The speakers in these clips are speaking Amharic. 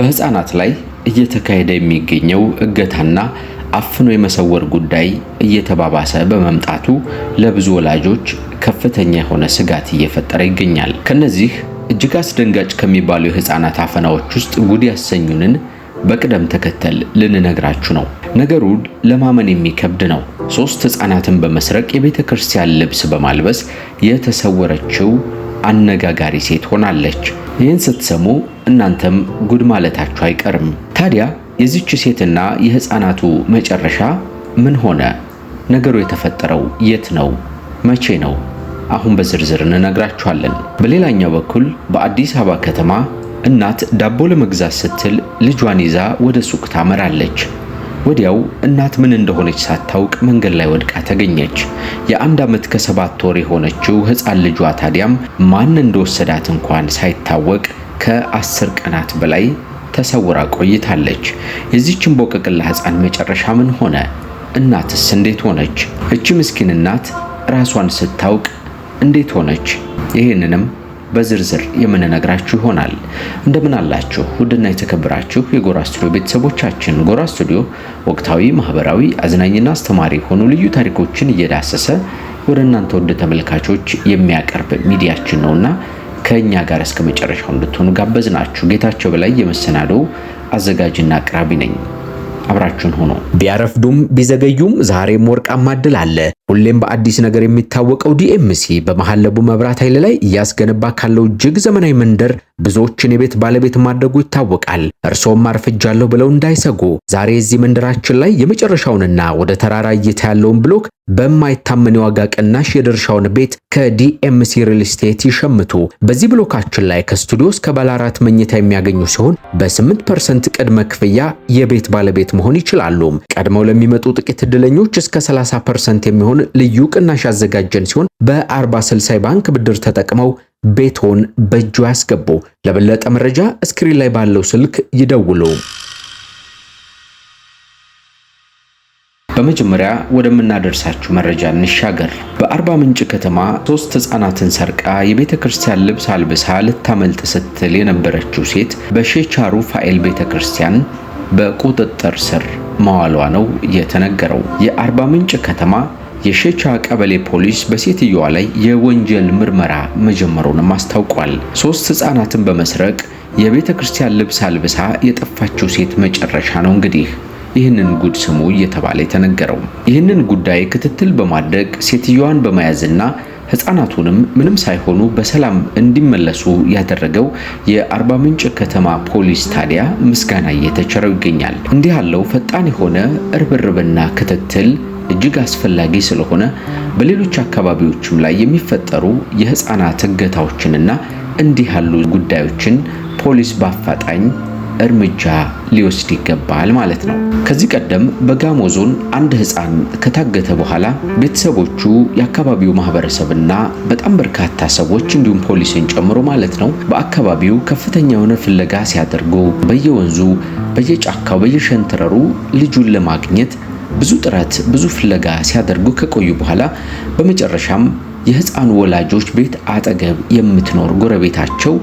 በህፃናት ላይ እየተካሄደ የሚገኘው እገታና አፍኖ የመሰወር ጉዳይ እየተባባሰ በመምጣቱ ለብዙ ወላጆች ከፍተኛ የሆነ ስጋት እየፈጠረ ይገኛል። ከነዚህ እጅግ አስደንጋጭ ከሚባሉ የህፃናት አፈናዎች ውስጥ ጉድ ያሰኙንን በቅደም ተከተል ልንነግራችሁ ነው። ነገሩ ለማመን የሚከብድ ነው። ሶስት ህፃናትን በመስረቅ የቤተ ክርስቲያን ልብስ በማልበስ የተሰወረችው አነጋጋሪ ሴት ሆናለች። ይህን ስትሰሙ እናንተም ጉድ ማለታችሁ አይቀርም። ታዲያ የዚች ሴትና የህፃናቱ መጨረሻ ምን ሆነ? ነገሩ የተፈጠረው የት ነው? መቼ ነው? አሁን በዝርዝር እንነግራችኋለን። በሌላኛው በኩል በአዲስ አበባ ከተማ እናት ዳቦ ለመግዛት ስትል ልጇን ይዛ ወደ ሱቅ ታመራለች። ወዲያው እናት ምን እንደሆነች ሳታውቅ መንገድ ላይ ወድቃ ተገኘች። የአንድ ዓመት ከሰባት ወር የሆነችው ሕፃን ልጇ ታዲያም ማን እንደወሰዳት እንኳን ሳይታወቅ ከአስር ቀናት በላይ ተሰውራ ቆይታለች። የዚችን ቦቀቅላ ሕፃን መጨረሻ ምን ሆነ? እናትስ እንዴት ሆነች? እቺ ምስኪን እናት ራሷን ስታውቅ እንዴት ሆነች? ይህንንም በዝርዝር የምንነግራችሁ ይሆናል። እንደምን አላችሁ ውድና የተከበራችሁ የጎራ ስቱዲዮ ቤተሰቦቻችን። ጎራ ስቱዲዮ ወቅታዊ፣ ማህበራዊ፣ አዝናኝና አስተማሪ የሆኑ ልዩ ታሪኮችን እየዳሰሰ ወደ እናንተ ወደ ተመልካቾች የሚያቀርብ ሚዲያችን ነውና ከእኛ ጋር እስከ መጨረሻው እንድትሆኑ ጋበዝ ናችሁ። ጌታቸው በላይ የመሰናዶው አዘጋጅና አቅራቢ ነኝ። አብራችን ሆኖ ቢያረፍዱም ቢዘገዩም ዛሬም ወርቃማ እድል አለ። ሁሌም በአዲስ ነገር የሚታወቀው ዲኤምሲ በመሃል ለቡ መብራት ኃይል ላይ እያስገነባ ካለው እጅግ ዘመናዊ መንደር ብዙዎችን የቤት ባለቤት ማድረጉ ይታወቃል። እርስዎም አርፍጃለሁ ብለው እንዳይሰጉ ዛሬ እዚህ መንደራችን ላይ የመጨረሻውንና ወደ ተራራ እይታ ያለውን ብሎክ በማይታመን የዋጋ ቅናሽ የድርሻውን ቤት ከዲኤምሲ ሪል ስቴት ይሸምቱ። በዚህ ብሎካችን ላይ ከስቱዲዮ እስከ ባለ አራት መኝታ የሚያገኙ ሲሆን በ8 ፐርሰንት ቅድመ ክፍያ የቤት ባለቤት መሆን ይችላሉ። ቀድመው ለሚመጡ ጥቂት እድለኞች እስከ 30 የሚሆን ልዩ ቅናሽ ያዘጋጀን ሲሆን በ40/60 ባንክ ብድር ተጠቅመው ቤቶን በእጁ ያስገቡ። ለበለጠ መረጃ እስክሪን ላይ ባለው ስልክ ይደውሉ። በመጀመሪያ ወደምናደርሳችሁ መረጃ እንሻገር። በአርባ ምንጭ ከተማ ሶስት ህጻናትን ሰርቃ የቤተ ክርስቲያን ልብስ አልብሳ ልታመልጥ ስትል የነበረችው ሴት በሼቻሩ ፋኤል ቤተ ክርስቲያን በቁጥጥር ስር መዋሏ ነው የተነገረው። የአርባ ምንጭ ከተማ የሼቻ ቀበሌ ፖሊስ በሴትየዋ ላይ የወንጀል ምርመራ መጀመሩንም አስታውቋል። ሶስት ህጻናትን በመስረቅ የቤተ ክርስቲያን ልብስ አልብሳ የጠፋችው ሴት መጨረሻ ነው እንግዲህ ይህንን ጉድ ስሙ እየተባለ የተነገረው። ይህንን ጉዳይ ክትትል በማድረግ ሴትዮዋን በመያዝና ህፃናቱንም ምንም ሳይሆኑ በሰላም እንዲመለሱ ያደረገው የአርባ ምንጭ ከተማ ፖሊስ ታዲያ ምስጋና እየተቸረው ይገኛል። እንዲህ ያለው ፈጣን የሆነ እርብርብና ክትትል እጅግ አስፈላጊ ስለሆነ በሌሎች አካባቢዎችም ላይ የሚፈጠሩ የህፃናት እገታዎችንና እንዲህ ያሉ ጉዳዮችን ፖሊስ በአፋጣኝ እርምጃ ሊወስድ ይገባል ማለት ነው። ከዚህ ቀደም በጋሞ ዞን አንድ ሕፃን ከታገተ በኋላ ቤተሰቦቹ፣ የአካባቢው ማህበረሰብና በጣም በርካታ ሰዎች እንዲሁም ፖሊስን ጨምሮ ማለት ነው በአካባቢው ከፍተኛ የሆነ ፍለጋ ሲያደርጉ በየወንዙ፣ በየጫካው፣ በየሸንተረሩ ልጁን ለማግኘት ብዙ ጥረት ብዙ ፍለጋ ሲያደርጉ ከቆዩ በኋላ በመጨረሻም የህፃኑ ወላጆች ቤት አጠገብ የምትኖር ጎረቤታቸው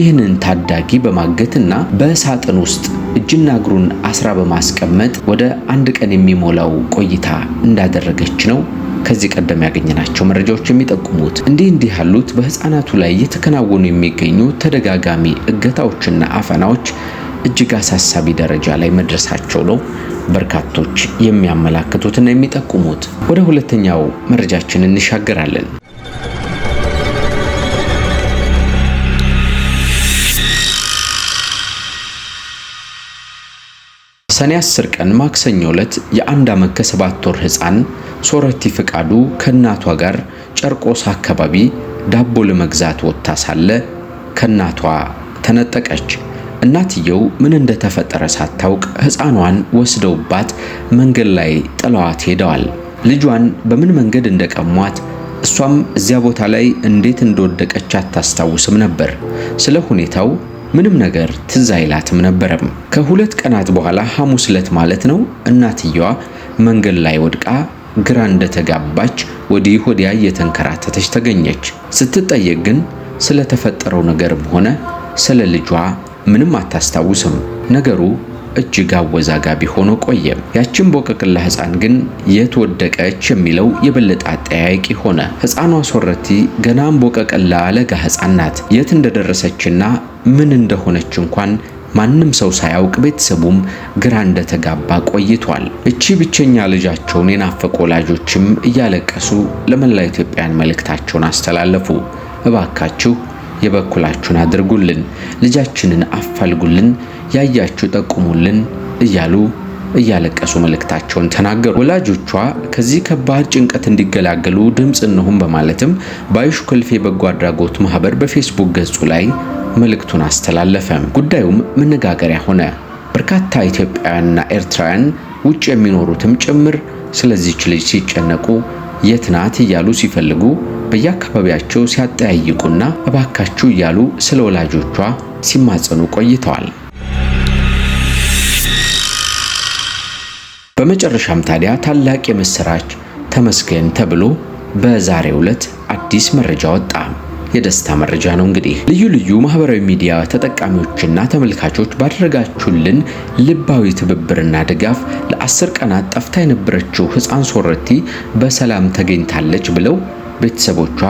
ይህንን ታዳጊ በማገትና በሳጥን ውስጥ እጅና እግሩን አስራ በማስቀመጥ ወደ አንድ ቀን የሚሞላው ቆይታ እንዳደረገች ነው ከዚህ ቀደም ያገኘናቸው መረጃዎች የሚጠቁሙት። እንዲህ እንዲህ ያሉት በህፃናቱ ላይ እየተከናወኑ የሚገኙ ተደጋጋሚ እገታዎችና አፈናዎች እጅግ አሳሳቢ ደረጃ ላይ መድረሳቸው ነው በርካቶች የሚያመላክቱትና የሚጠቁሙት። ወደ ሁለተኛው መረጃችን እንሻገራለን። ሰኔ 10 ቀን ማክሰኞ ዕለት የአንድ ዓመት ከሰባት ወር ሕፃን ሶረቲ ፍቃዱ ከእናቷ ጋር ጨርቆስ አካባቢ ዳቦ ለመግዛት ወጥታ ሳለ ከእናቷ ተነጠቀች። እናትየው ምን እንደተፈጠረ ሳታውቅ ሕፃኗን ወስደውባት መንገድ ላይ ጥለዋት ሄደዋል። ልጇን በምን መንገድ እንደቀሟት እሷም እዚያ ቦታ ላይ እንዴት እንደወደቀች አታስታውስም ነበር። ስለ ሁኔታው ምንም ነገር ትዝ አይላትም ነበረም። ከሁለት ቀናት በኋላ ሐሙስ ዕለት ማለት ነው እናትየዋ መንገድ ላይ ወድቃ ግራ እንደተጋባች ወዲህ ወዲያ እየተንከራተተች ተገኘች። ስትጠየቅ ግን ስለተፈጠረው ነገርም ሆነ ስለ ልጇ ምንም አታስታውስም። ነገሩ እጅግ አወዛጋቢ ሆኖ ቆየ። ያችን ቦቀቅላ ህፃን ግን የት ወደቀች የሚለው የበለጠ አጠያያቂ ሆነ። ህፃኗ ሶረቲ ገናም ቦቀቅላ አለጋ ህፃን ናት። የት እንደደረሰችና ምን እንደሆነች እንኳን ማንም ሰው ሳያውቅ ቤተሰቡም ግራ እንደተጋባ ቆይቷል። እቺ ብቸኛ ልጃቸውን የናፈቁ ወላጆችም እያለቀሱ ለመላ ኢትዮጵያን መልእክታቸውን አስተላለፉ። እባካችሁ የበኩላችሁን አድርጉልን፣ ልጃችንን አፋልጉልን ያያችሁ ጠቁሙልን እያሉ እያለቀሱ መልእክታቸውን ተናገሩ። ወላጆቿ ከዚህ ከባድ ጭንቀት እንዲገላገሉ ድምፅ እንሁን በማለትም በአይሹ ክልፌ በጎ አድራጎት ማህበር በፌስቡክ ገጹ ላይ መልእክቱን አስተላለፈ። ጉዳዩም መነጋገሪያ ሆነ። በርካታ ኢትዮጵያውያንና ኤርትራውያን ውጭ የሚኖሩትም ጭምር ስለዚች ልጅ ሲጨነቁ የት ናት እያሉ ሲፈልጉ በየአካባቢያቸው ሲያጠያይቁና እባካችሁ እያሉ ስለ ወላጆቿ ሲማጸኑ ቆይተዋል። በመጨረሻም ታዲያ ታላቅ የምስራች ተመስገን ተብሎ በዛሬው ዕለት አዲስ መረጃ ወጣ። የደስታ መረጃ ነው። እንግዲህ ልዩ ልዩ ማህበራዊ ሚዲያ ተጠቃሚዎችና ተመልካቾች ባደረጋችሁልን ልባዊ ትብብርና ድጋፍ ለአስር ቀናት ጠፍታ የነበረችው ህፃን ሶረቲ በሰላም ተገኝታለች ብለው ቤተሰቦቿ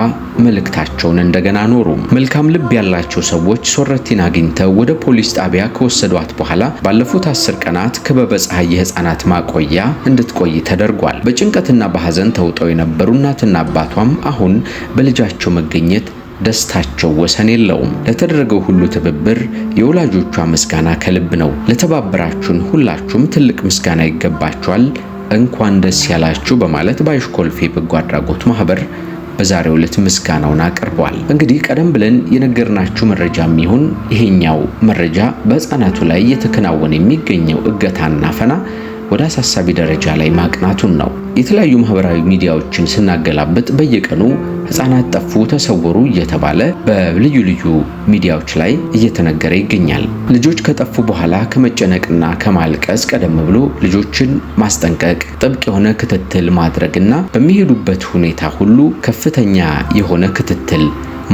መልእክታቸውን እንደገና ኖሩ። መልካም ልብ ያላቸው ሰዎች ሶረቲን አግኝተው ወደ ፖሊስ ጣቢያ ከወሰዷት በኋላ ባለፉት አስር ቀናት ክበበ ፀሐይ የህፃናት ማቆያ እንድትቆይ ተደርጓል። በጭንቀትና በሀዘን ተውጠው የነበሩ እናትና አባቷም አሁን በልጃቸው መገኘት ደስታቸው ወሰን የለውም። ለተደረገው ሁሉ ትብብር የወላጆቿ ምስጋና ከልብ ነው። ለተባበራችሁን ሁላችሁም ትልቅ ምስጋና ይገባችኋል። እንኳን ደስ ያላችሁ በማለት በአሽኮልፌ በጎ አድራጎት ማህበር በዛሬው ዕለት ምስጋናውን አቅርቧል። እንግዲህ ቀደም ብለን የነገርናችሁ መረጃ የሚሆን ይሄኛው መረጃ በህፃናቱ ላይ እየተከናወነ የሚገኘው እገታና ፈና ወደ አሳሳቢ ደረጃ ላይ ማቅናቱን ነው። የተለያዩ ማህበራዊ ሚዲያዎችን ስናገላብጥ በየቀኑ ህፃናት ጠፉ፣ ተሰወሩ እየተባለ በልዩ ልዩ ሚዲያዎች ላይ እየተነገረ ይገኛል። ልጆች ከጠፉ በኋላ ከመጨነቅና ከማልቀስ ቀደም ብሎ ልጆችን ማስጠንቀቅ፣ ጥብቅ የሆነ ክትትል ማድረግና በሚሄዱበት ሁኔታ ሁሉ ከፍተኛ የሆነ ክትትል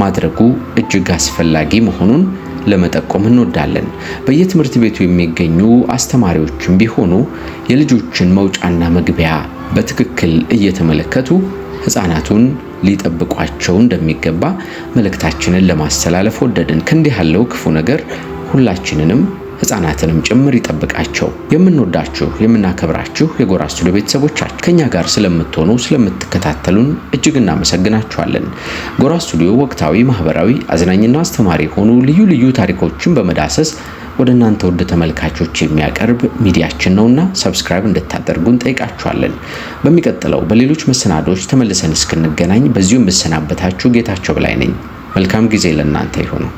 ማድረጉ እጅግ አስፈላጊ መሆኑን ለመጠቆም እንወዳለን። በየትምህርት ቤቱ የሚገኙ አስተማሪዎችም ቢሆኑ የልጆችን መውጫና መግቢያ በትክክል እየተመለከቱ ህፃናቱን ሊጠብቋቸው እንደሚገባ መልእክታችንን ለማስተላለፍ ወደድን። ከእንዲህ ያለው ክፉ ነገር ሁላችንንም ህፃናትንም ጭምር ይጠብቃቸው። የምንወዳችሁ የምናከብራችሁ የጎራ ስቱዲዮ ቤተሰቦቻችን ከኛ ጋር ስለምትሆኑ ስለምትከታተሉን እጅግ እናመሰግናችኋለን። ጎራ ስቱዲዮ ወቅታዊ፣ ማህበራዊ፣ አዝናኝና አስተማሪ የሆኑ ልዩ ልዩ ታሪኮችን በመዳሰስ ወደ እናንተ ወደ ተመልካቾች የሚያቀርብ ሚዲያችን ነውና ሰብስክራይብ እንድታደርጉ እንጠይቃችኋለን። በሚቀጥለው በሌሎች መሰናዶች ተመልሰን እስክንገናኝ በዚሁ የምሰናበታችሁ ጌታቸው በላይ ነኝ። መልካም ጊዜ ለእናንተ ይሁን።